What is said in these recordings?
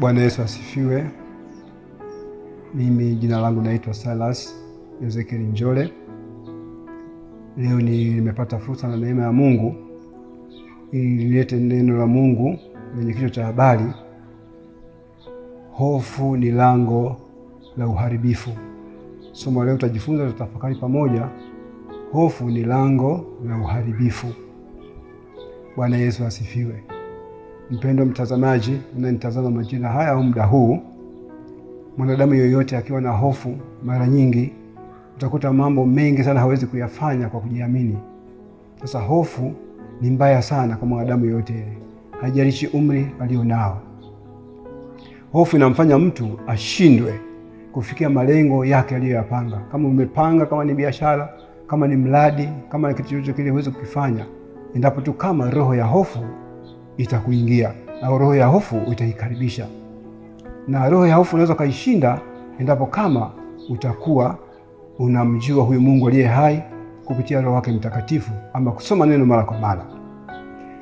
Bwana Yesu asifiwe. Mimi jina langu naitwa Silas Ezekiel Njole. Leo nimepata fursa na neema ya Mungu ili nilete neno la Mungu lenye kichwa cha habari, hofu ni lango la uharibifu. Somo leo tutajifunza, tutafakari pamoja, hofu ni lango la uharibifu. Bwana Yesu asifiwe mpendo mtazamaji, unanitazama majina haya au muda huu, mwanadamu yoyote akiwa na hofu, mara nyingi utakuta mambo mengi sana hawezi kuyafanya kwa kujiamini. Sasa hofu ni mbaya sana kwa mwanadamu yoyote, haijalishi umri alionao. Hofu inamfanya mtu ashindwe kufikia malengo yake aliyoyapanga. Kama umepanga, kama ni biashara, kama ni mradi, kama ni kitu chochote kile, huwezi kukifanya endapo tu kama roho ya hofu itakuingia, na roho ya hofu utaikaribisha. Na roho ya hofu unaweza ukaishinda endapo kama utakuwa unamjua huyu Mungu aliye hai kupitia Roho wake Mtakatifu, ama kusoma neno mara kwa mara.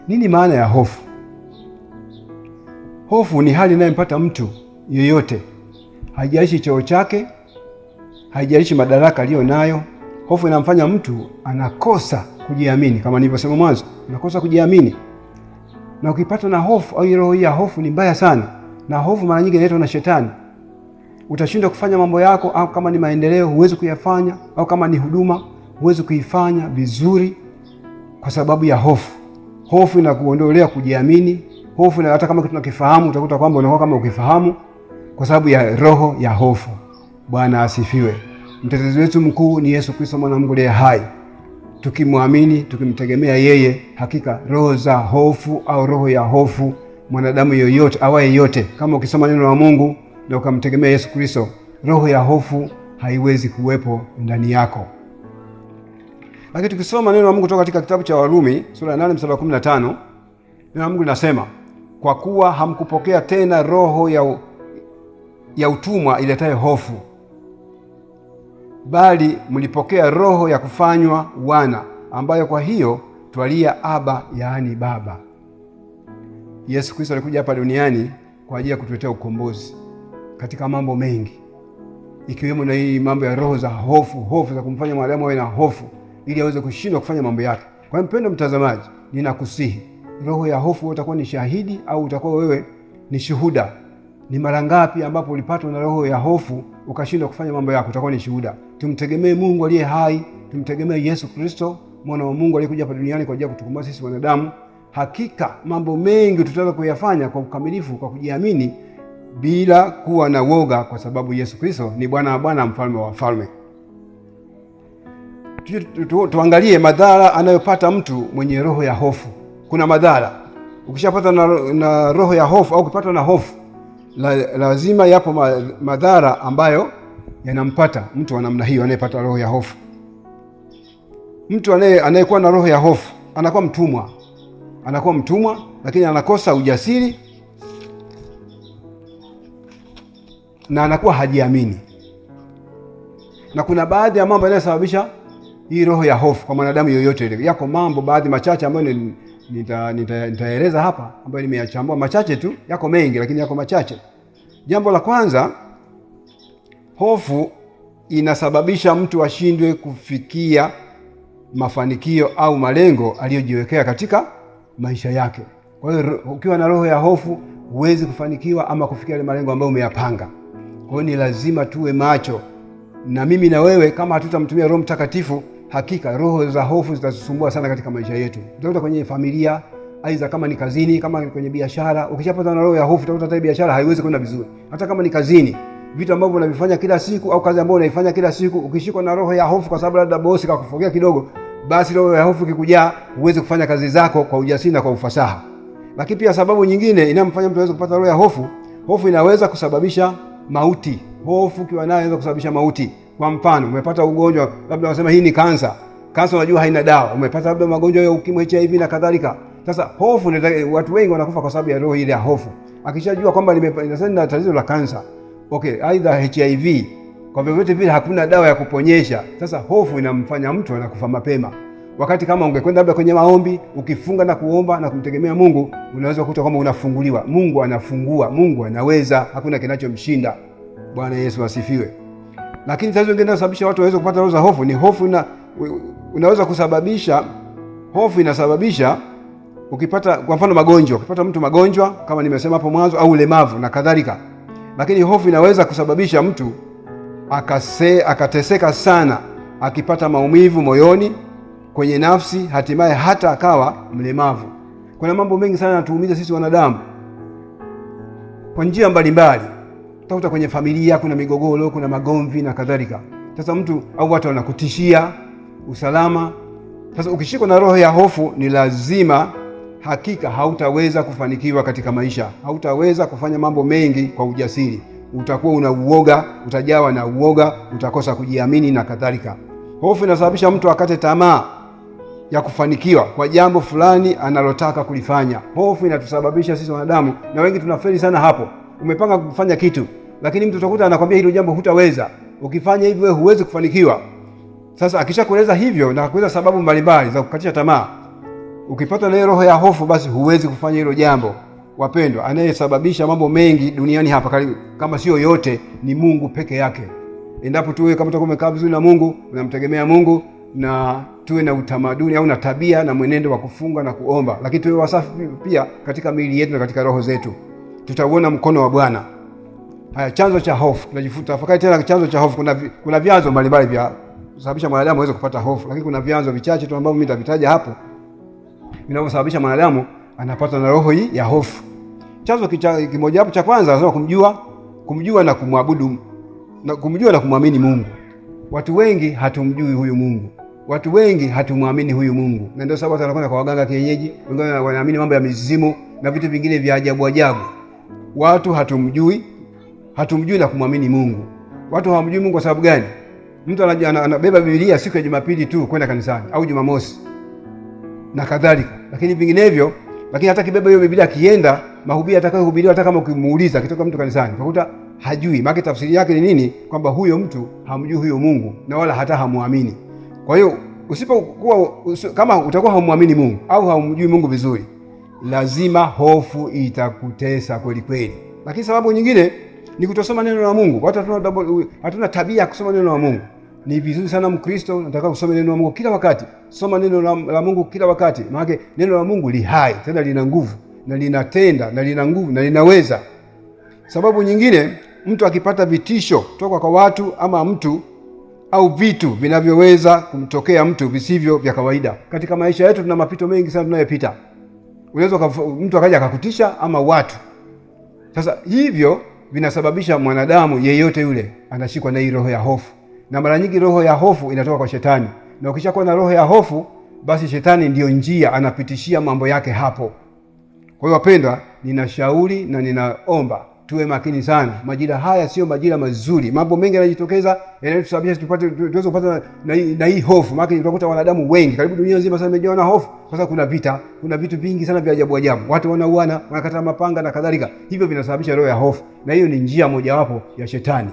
Nini maana ya hofu? Hofu ni hali inayompata mtu yeyote, haijalishi cheo chake, haijalishi madaraka aliyo nayo. Hofu inamfanya mtu anakosa kujiamini, kama nilivyosema mwanzo, anakosa kujiamini na ukipata na hofu au roho ya hofu ni mbaya sana, na hofu mara nyingi inaletwa na shetani. Utashindwa kufanya mambo yako, au kama ni maendeleo huwezi kuyafanya, au kama ni huduma huwezi kuifanya vizuri kwa sababu ya hofu. Hofu inakuondolea kujiamini. Hofu hata kama kitu unakifahamu, utakuta kwamba unakuwa kama ukifahamu kwa sababu ya roho ya hofu. Bwana asifiwe. Mtetezi wetu mkuu ni Yesu Kristo, mwana wa Mungu aliye hai tukimwamini, tukimtegemea yeye, hakika roho za hofu au roho ya hofu mwanadamu yoyote awaye yote, kama ukisoma neno la Mungu na ukamtegemea Yesu Kristo, roho ya hofu haiwezi kuwepo ndani yako. Lakini tukisoma neno la Mungu kutoka katika kitabu cha Warumi sura ya 8 mstari wa 15, neno la Mungu linasema kwa kuwa hamkupokea tena roho ya, ya utumwa iletayo hofu bali mlipokea roho ya kufanywa wana, ambayo kwa hiyo twalia Aba, yaani Baba. Yesu Kristo alikuja hapa duniani kwa ajili ya kutuletea ukombozi katika mambo mengi, ikiwemo na hii mambo ya roho za hofu, hofu za kumfanya mwanadamu awe na hofu ili aweze kushindwa kufanya mambo yake. Kwa mpendo mtazamaji, ninakusihi roho ya hofu, wewe utakuwa ni shahidi au utakuwa wewe ni shuhuda. Ni mara ngapi ambapo ulipatwa na roho ya hofu ukashindwa kufanya mambo yako? Utakuwa ni shuhuda. Tumtegemee Mungu aliye hai, tumtegemee Yesu Kristo mwana wa Mungu aliyekuja hapa duniani kwa ajili ya kutukomboa sisi wanadamu. Hakika mambo mengi tutaweza kuyafanya kwa ukamilifu kwa kujiamini bila kuwa na woga, kwa sababu Yesu Kristo ni Bwana wa Bwana, mfalme wa tu, Tuangalie madhara anayopata mtu mwenye roho ya hofu. Kuna madhara ukishapata na, na roho ya hofu au ukipatwa na hofu la, lazima yapo madhara ambayo yanampata mtu wa namna hiyo, anayepata roho ya hofu. Mtu anayekuwa na roho ya hofu anakuwa mtumwa, anakuwa mtumwa, lakini anakosa ujasiri na anakuwa hajiamini, na kuna baadhi ya mambo yanayosababisha hii roho ya hofu kwa mwanadamu yoyote ile. Yako mambo baadhi machache ambayo nitaeleza nita, nita hapa ambayo nimeyachambua machache tu, yako mengi lakini yako machache. Jambo la kwanza Hofu inasababisha mtu ashindwe kufikia mafanikio au malengo aliyojiwekea katika maisha yake. Kwa hiyo ukiwa na roho ya hofu huwezi kufanikiwa ama kufikia yale malengo ambayo umeyapanga. Kwa hiyo ni lazima tuwe macho, na mimi na wewe, kama hatutamtumia Roho Mtakatifu, hakika roho za hofu zitatusumbua sana katika maisha yetu. tutakuta kwenye familia, aidha kama ni kazini, kama ni kwenye biashara. Ukishapata na roho ya hofu, utakuta hata biashara haiwezi kwenda vizuri, hata kama ni kazini vitu ambavyo unavifanya kila siku au kazi ambayo unaifanya kila siku, ukishikwa na roho ya hofu, kwa sababu labda bosi kakufogea kidogo, basi roho ya hofu ikikujaa, uweze kufanya kazi zako kwa ujasiri na kwa ufasaha. Lakini pia sababu nyingine inayomfanya mtu aweze kupata roho ya hofu, hofu inaweza kusababisha mauti. Hofu ukiwa nayo inaweza kusababisha mauti. Kwa mfano, umepata ugonjwa labda, unasema hii ni kansa. Kansa unajua haina dawa. Umepata labda magonjwa ya ukimwi, HIV na kadhalika. Sasa hofu, watu wengi wanakufa kwa sababu ya roho ile ya hofu. Akishajua kwamba nimepata tatizo la kansa okay, aidha HIV, kwa vyovyote vile hakuna dawa ya kuponyesha. Sasa hofu inamfanya mtu anakufa mapema, wakati kama ungekwenda labda kwenye maombi, ukifunga na kuomba na kumtegemea Mungu, unaweza kukuta kwamba unafunguliwa. Mungu anafungua, Mungu anaweza, hakuna kinachomshinda. Bwana Yesu asifiwe. Lakini tatizo lingine linalosababisha watu waweze kupata roho za hofu ni hofu na unaweza kusababisha hofu inasababisha ukipata kwa mfano magonjwa, ukipata mtu magonjwa kama nimesema hapo mwanzo, au ulemavu na kadhalika lakini hofu inaweza kusababisha mtu akase, akateseka sana akipata maumivu moyoni, kwenye nafsi, hatimaye hata akawa mlemavu. Kuna mambo mengi sana yanatuumiza sisi wanadamu kwa njia mbalimbali, utakuta kwenye familia kuna migogoro, kuna magomvi na kadhalika. Sasa mtu au watu wanakutishia usalama. Sasa ukishikwa na roho ya hofu, ni lazima hakika hautaweza kufanikiwa katika maisha, hautaweza kufanya mambo mengi kwa ujasiri. Utakuwa una uoga, utajawa na uoga, utakosa kujiamini na kadhalika. Hofu inasababisha mtu akate tamaa ya kufanikiwa kwa jambo fulani analotaka kulifanya. Hofu inatusababisha sisi wanadamu, na wengi tunafeli sana hapo. Umepanga kufanya kitu, lakini mtu utakuta anakwambia hilo jambo hutaweza, ukifanya hivyo huwezi kufanikiwa. Sasa akishakueleza hivyo na kueleza sababu mbalimbali za kukatisha tamaa Ukipata naye roho ya hofu, basi huwezi kufanya hilo jambo. Wapendwa, anayesababisha mambo mengi duniani hapa karibu kama sio yote ni Mungu peke yake. Endapo tuwe kama tutakuwa umekaa vizuri na Mungu, unamtegemea Mungu na tuwe na utamaduni au na tabia na mwenendo wa kufunga na kuomba, lakini tuwe wasafi pia katika miili yetu na katika roho zetu, tutauona mkono wa Bwana. Haya, chanzo cha hofu tunajifuta. Tafakari tena chanzo cha hofu. Kuna, kuna vyanzo mbalimbali vya kusababisha mwanadamu aweze kupata hofu, lakini kuna vyanzo vichache tu ambavyo mimi nitavitaja hapo vinavyosababisha mwanadamu anapatwa na roho hii ya hofu. Chanzo kimojawapo cha kwanza anasema kumjua, kumjua na kumwabudu, na kumjua na kumwamini Mungu. Watu wengi hatumjui huyu Mungu, watu wengi hatumwamini huyu Mungu, na ndio sababu wanakwenda kwa waganga kienyeji, wengine wanaamini mambo ya mizimu na vitu vingine vya ajabu ajabu. Watu hatumjui, hatumjui na kumwamini Mungu. Watu hawamjui Mungu kwa sababu gani? Mtu anabeba Biblia siku ya Jumapili tu kwenda kanisani au Jumamosi na kadhalika, lakini vinginevyo, lakini hata kibeba hiyo Biblia akienda mahubiri atakayohubiriwa, hata kama ukimuuliza kitoka mtu kanisani utakuta hajui, maana tafsiri yake ni nini? Kwamba huyo mtu hamjui huyo Mungu na wala hata hamuamini. Kwa hiyo usipokuwa kama utakuwa haumwamini Mungu au haumjui Mungu vizuri, lazima hofu itakutesa kweli kweli. Lakini sababu nyingine ni kutosoma neno la Mungu. Watu hatuna tabia ya kusoma neno la Mungu ni vizuri sana Mkristo, nataka usome neno la Mungu kila wakati. Soma neno la Mungu kila wakati, maana neno la Mungu li hai tena lina nguvu na linatenda na lina nguvu na linaweza. Sababu nyingine, mtu akipata vitisho toka kwa watu ama mtu au vitu vinavyoweza kumtokea mtu visivyo vya kawaida. Katika maisha yetu tuna mapito mengi sana tunayopita, unaweza mtu akaja akakutisha ama watu. Sasa hivyo vinasababisha mwanadamu yeyote yule anashikwa na hii roho ya hofu na mara nyingi roho ya hofu inatoka kwa shetani, na ukishakuwa na roho ya hofu, basi shetani ndiyo njia anapitishia mambo yake hapo. Kwa hiyo wapendwa, ninashauri na ninaomba tuwe makini sana. Majira haya sio majira mazuri, mambo mengi yanajitokeza yanayotusababisha tuweze kupata na, na hii hofu. Maana tunakuta wanadamu wengi karibu dunia nzima sana imejawa na hofu. Sasa kuna vita, kuna vitu vingi sana vya ajabu ajabu, watu wanauana, wanakata mapanga na kadhalika, hivyo vinasababisha roho ya hofu, na hiyo ni njia mojawapo ya shetani.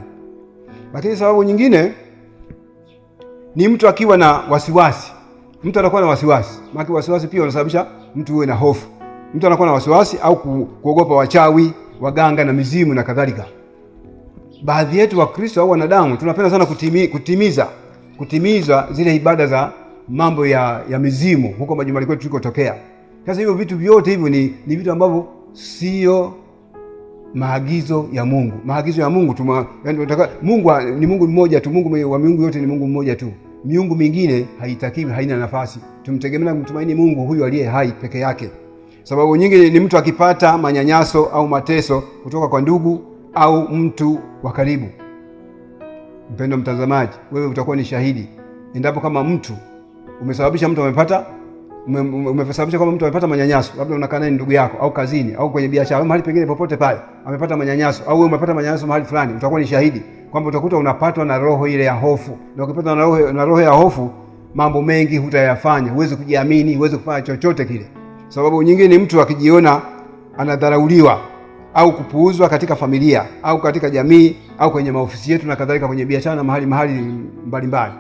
Lakini sababu nyingine ni mtu akiwa na wasiwasi. Mtu anakuwa na wasiwasi, maana wasiwasi pia unasababisha mtu uwe na hofu. Mtu anakuwa na wasiwasi au kuogopa wachawi, waganga na mizimu na kadhalika. Baadhi yetu Wakristo au wanadamu tunapenda sana kutimi, kutimiza kutimiza zile ibada za mambo ya, ya mizimu huko majumbani kwetu tulikotokea. Sasa hivyo vitu vyote hivyo ni, ni vitu ambavyo sio maagizo ya Mungu. Maagizo ya Mungu tuma, yani, Mungu ni Mungu mmoja tu. Mungu wa miungu yote ni Mungu mmoja tu miungu mingine haitakiwi, haina nafasi. Tumtegemea kumtumaini Mungu huyu aliye hai peke yake. Sababu nyingi ni mtu akipata manyanyaso au mateso kutoka kwa ndugu au mtu wa karibu. Mpendo mtazamaji, wewe utakuwa ni shahidi endapo kama mtu umesababisha mtu amepata umesababisha kama mtu amepata manyanyaso, labda unakaa naye ndugu yako au kazini au kwenye biashara au mahali pengine popote pale, amepata manyanyaso au wewe umepata manyanyaso mahali fulani, utakuwa ni shahidi kwamba utakuta unapatwa na roho ile ya hofu, na ukipatwa na roho, na roho ya hofu mambo mengi hutayafanya, huwezi kujiamini, huwezi kufanya chochote kile. Sababu nyingine, mtu akijiona anadharauliwa au kupuuzwa katika familia au katika jamii au kwenye maofisi yetu na kadhalika, kwenye biashara na mahali mahali mbalimbali mbali.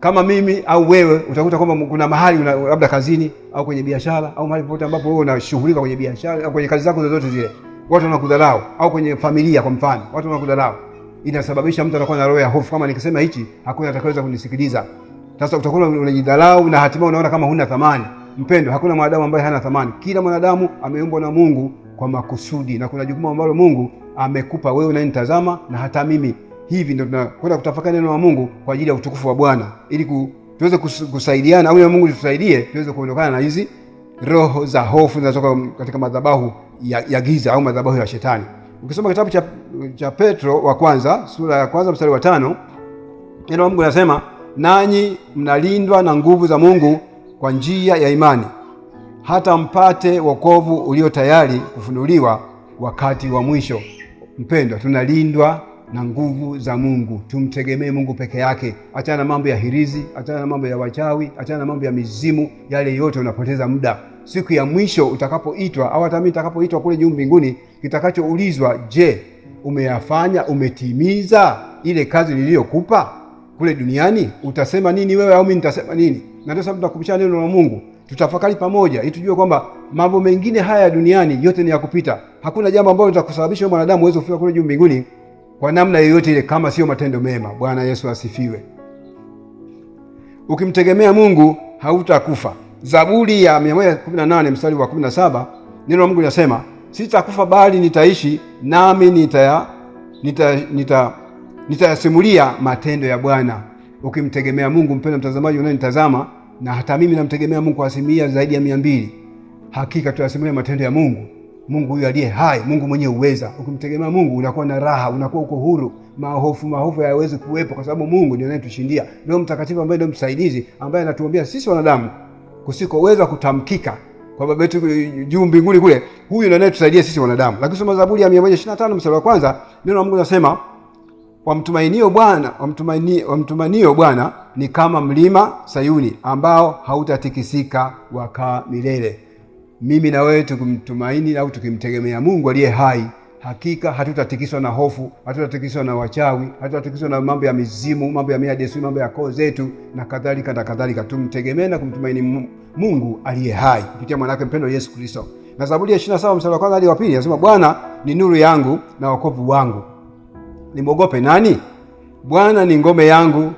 Kama mimi au wewe utakuta kwamba kuna mahali una, labda kazini au kwenye biashara au mahali popote ambapo wewe unashughulika kwenye biashara au kwenye kazi zako zozote zile, watu wanakudharau, au kwenye familia, kwa mfano watu wanakudharau inasababisha mtu anakuwa na roho ya hofu, kama nikisema hichi hakuna atakayeweza kunisikiliza. Sasa utakuwa unajidharau na hatimaye unaona kama huna thamani. Mpendo, hakuna mwanadamu ambaye hana thamani. Kila mwanadamu ameumbwa na Mungu kwa makusudi, na kuna jukumu ambalo Mungu amekupa wewe unanitazama na hata mimi. Hivi ndio tunakwenda kutafakari neno la Mungu kwa ajili ya utukufu wa Bwana, ili ku, tuweze kusaidiana au Mungu tusaidie tuweze kuondokana na hizi roho za hofu zinazotoka katika madhabahu ya, ya giza au madhabahu ya shetani. Ukisoma kitabu cha, cha Petro wa kwanza sura ya kwanza mstari wa tano neno la Mungu linasema nanyi mnalindwa na nguvu za Mungu kwa njia ya imani hata mpate wokovu ulio tayari kufunuliwa wakati wa mwisho. Mpendwa, tunalindwa na nguvu za Mungu. Tumtegemee Mungu peke yake. Achana na mambo ya hirizi, achana na mambo ya wachawi, achana na mambo ya mizimu. Yale yote unapoteza muda siku ya mwisho utakapoitwa, au hata mimi nitakapoitwa kule juu mbinguni, kitakachoulizwa, je, umeyafanya umetimiza ile kazi niliyokupa kule duniani? Utasema nini wewe au mimi nitasema nini? Na ndio sababu tunakumbushana neno la Mungu, tutafakari pamoja ili tujue kwamba mambo mengine haya ya duniani yote ni ya kupita. Hakuna jambo ambalo litakusababisha mwanadamu uweze kufika kule juu mbinguni kwa namna yoyote ile kama sio matendo mema. Bwana Yesu asifiwe. Ukimtegemea Mungu hautakufa. Zaburi ya 118 mstari wa 17, neno la Mungu linasema sitakufa bali nitaishi, nami nitaya nitayasimulia nita, nita matendo ya Bwana. Ukimtegemea Mungu, mpendwa mtazamaji unayenitazama, na hata mimi namtegemea Mungu kwa asilimia zaidi ya 200, hakika tutasimulia matendo ya Mungu. Mungu huyu aliye hai, Mungu mwenye uweza. Ukimtegemea Mungu unakuwa na raha, unakuwa uko huru, mahofu mahofu hayawezi kuwepo, kwa sababu Mungu ndiye anayetushindia. Roho Mtakatifu ambaye ndio msaidizi, ambaye anatuombea sisi wanadamu kusikoweza kutamkika kwa baba yetu juu mbinguni kule, huyu ndiye anayetusaidia sisi wanadamu. Lakini soma Zaburi ya 125 mstari wa kwanza, neno la Mungu linasema wamtumainio Bwana, wamtumainio, wamtumainio Bwana ni kama mlima Sayuni ambao hautatikisika wakaa milele. Mimi na wewe tukimtumaini au tukimtegemea Mungu aliye hai hakika hatutatikiswa na hofu, hatutatikiswa na wachawi, hatutatikiswa na mambo ya mizimu, mambo ya mila mambo ya koo zetu na kadhalika na kadhalika. Tumtegemee na kumtumaini Mungu aliye hai kupitia mwanawake mpendo Yesu Kristo. Na Zaburi ya saba mstari wa kwanza hadi wa pili anasema, Bwana ni nuru yangu na wokovu wangu, nimwogope nani? Bwana ni ngome yangu,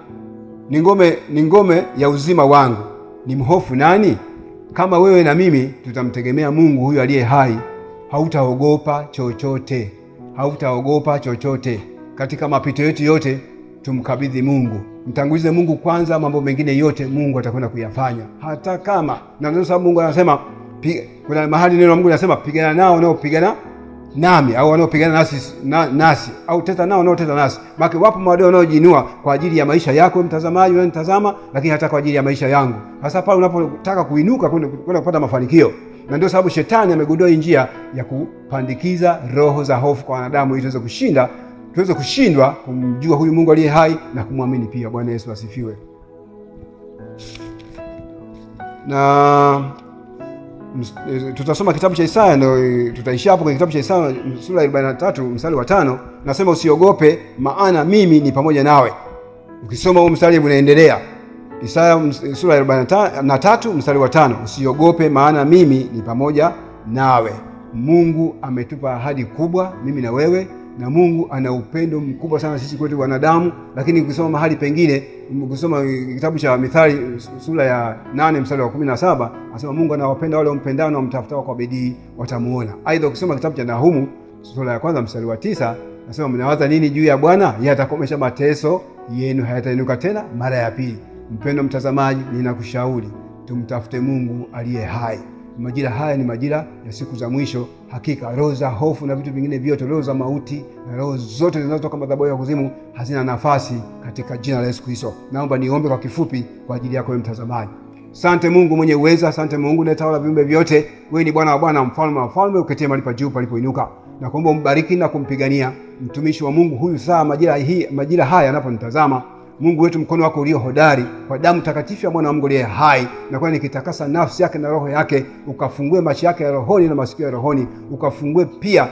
ni ngome, ni ngome ya uzima wangu, ni mhofu nani? Kama wewe na mimi tutamtegemea Mungu huyu aliye hai hautaogopa chochote, hautaogopa chochote. Katika mapito yetu yote tumkabidhi Mungu, mtangulize Mungu kwanza, mambo mengine yote Mungu atakwenda kuyafanya, hata kama na ndio sababu Mungu anasema kuna mahali neno la Mungu linasema pigana nao wanaopigana nami au wanaopigana nasi, na, nasi au teta nao wanaoteta nasi. Maana wapo maadui wanaojiinua kwa ajili ya maisha yako mtazamaji unanitazama, lakini hata kwa ajili ya maisha yangu. Hasa pale unapotaka kuinuka kwenda kupata mafanikio na ndio sababu shetani amegundua hii njia ya kupandikiza roho za hofu kwa wanadamu, ili tuweze kushinda, tuweze kushindwa kumjua huyu Mungu aliye hai na kumwamini pia. Bwana Yesu asifiwe. Na eh, tutasoma kitabu cha Isaya, ndio tutaishia hapo kwenye kitabu cha Isaya sura ya 43 mstari wa tano, nasema usiogope, maana mimi ni pamoja nawe. Ukisoma huu mstari unaendelea Isaya sura ya 43 mstari wa tano, usiogope maana mimi ni pamoja nawe. Mungu ametupa ahadi kubwa mimi na wewe, na Mungu ana upendo mkubwa sana sisi kwetu wanadamu. Lakini ukisoma mahali pengine, ukisoma kitabu cha Mithali sura ya 8 mstari wa 17, anasema Mungu anawapenda wale wampendao na wamtafutao kwa bidii watamuona. Aidha, ukisoma kitabu cha Nahumu sura ya kwanza mstari wa tisa anasema mnawaza nini juu ya Bwana? atakomesha mateso yenu, hayatainuka tena mara ya pili. Mpendo mtazamaji, ninakushauri tumtafute Mungu aliye hai. Majira haya ni majira ya siku za mwisho. Hakika roho za hofu na vitu vingine vyote, roho za mauti na roho zote zinazotoka madhabahu ya kuzimu hazina nafasi katika jina la Yesu Kristo. Naomba niombe kwa kifupi kwa ajili yako wewe mtazamaji. Sante Mungu mwenye uweza, sante Mungu unayetawala viumbe vyote. Wewe ni Bwana wa bwana, mfalme wa wafalme, uketie mahali pa juu palipoinuka. Nakuomba umbariki na kumpigania mtumishi wa Mungu huyu saa majira hii, majira haya anaponitazama Mungu wetu mkono wako ulio hodari kwa damu takatifu ya mwana wa Mungu aliye hai, na kwa nikitakasa nafsi yake na roho yake, ukafungue macho yake ya rohoni na masikio ya rohoni, ukafungue pia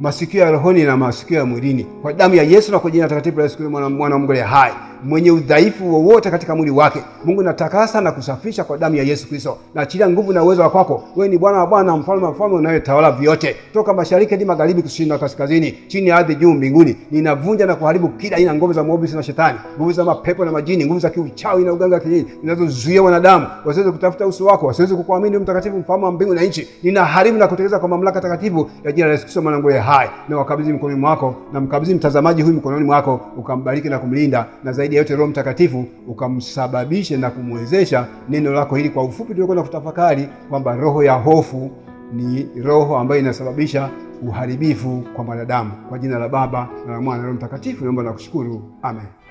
masikio ya rohoni na masikio ya mwilini kwa damu ya Yesu na kwa jina takatifu la Yesu Kristo mwana wa Mungu aliye hai mwenye udhaifu wowote katika mwili wake. Mungu natakasa na kusafisha kwa damu ya Yesu Kristo. Naachilia nguvu na uwezo wa kwako. Wewe ni Bwana wa Bwana, mfalme wa mfalme, unayetawala vyote, toka mashariki hadi magharibi, kusini na kaskazini, chini ya ardhi, juu mbinguni. Ninavunja na kuharibu kila aina nguvu za mwovu na shetani, nguvu za mapepo na majini, nguvu za kiuchawi na uganga kijiji, zinazozuia wanadamu wasiweze kutafuta uso wako, wasiweze kukuamini, mtakatifu, mfalme wa mbingu na nchi. Ninaharibu na kutekeleza kwa mamlaka takatifu ya jina la Yesu Kristo, mwana ngule hai, na wakabidhi mkononi mwako, na mkabidhi mtazamaji huyu mkononi mwako, ukambariki na kumlinda na zaidi zaidi ya yote Roho Mtakatifu ukamsababishe na kumwezesha neno lako hili. Kwa ufupi, tulikwenda kutafakari kwamba roho ya hofu ni roho ambayo inasababisha uharibifu kwa mwanadamu. Kwa jina la Baba na la Mwana na Roho Mtakatifu naomba na kushukuru, amen.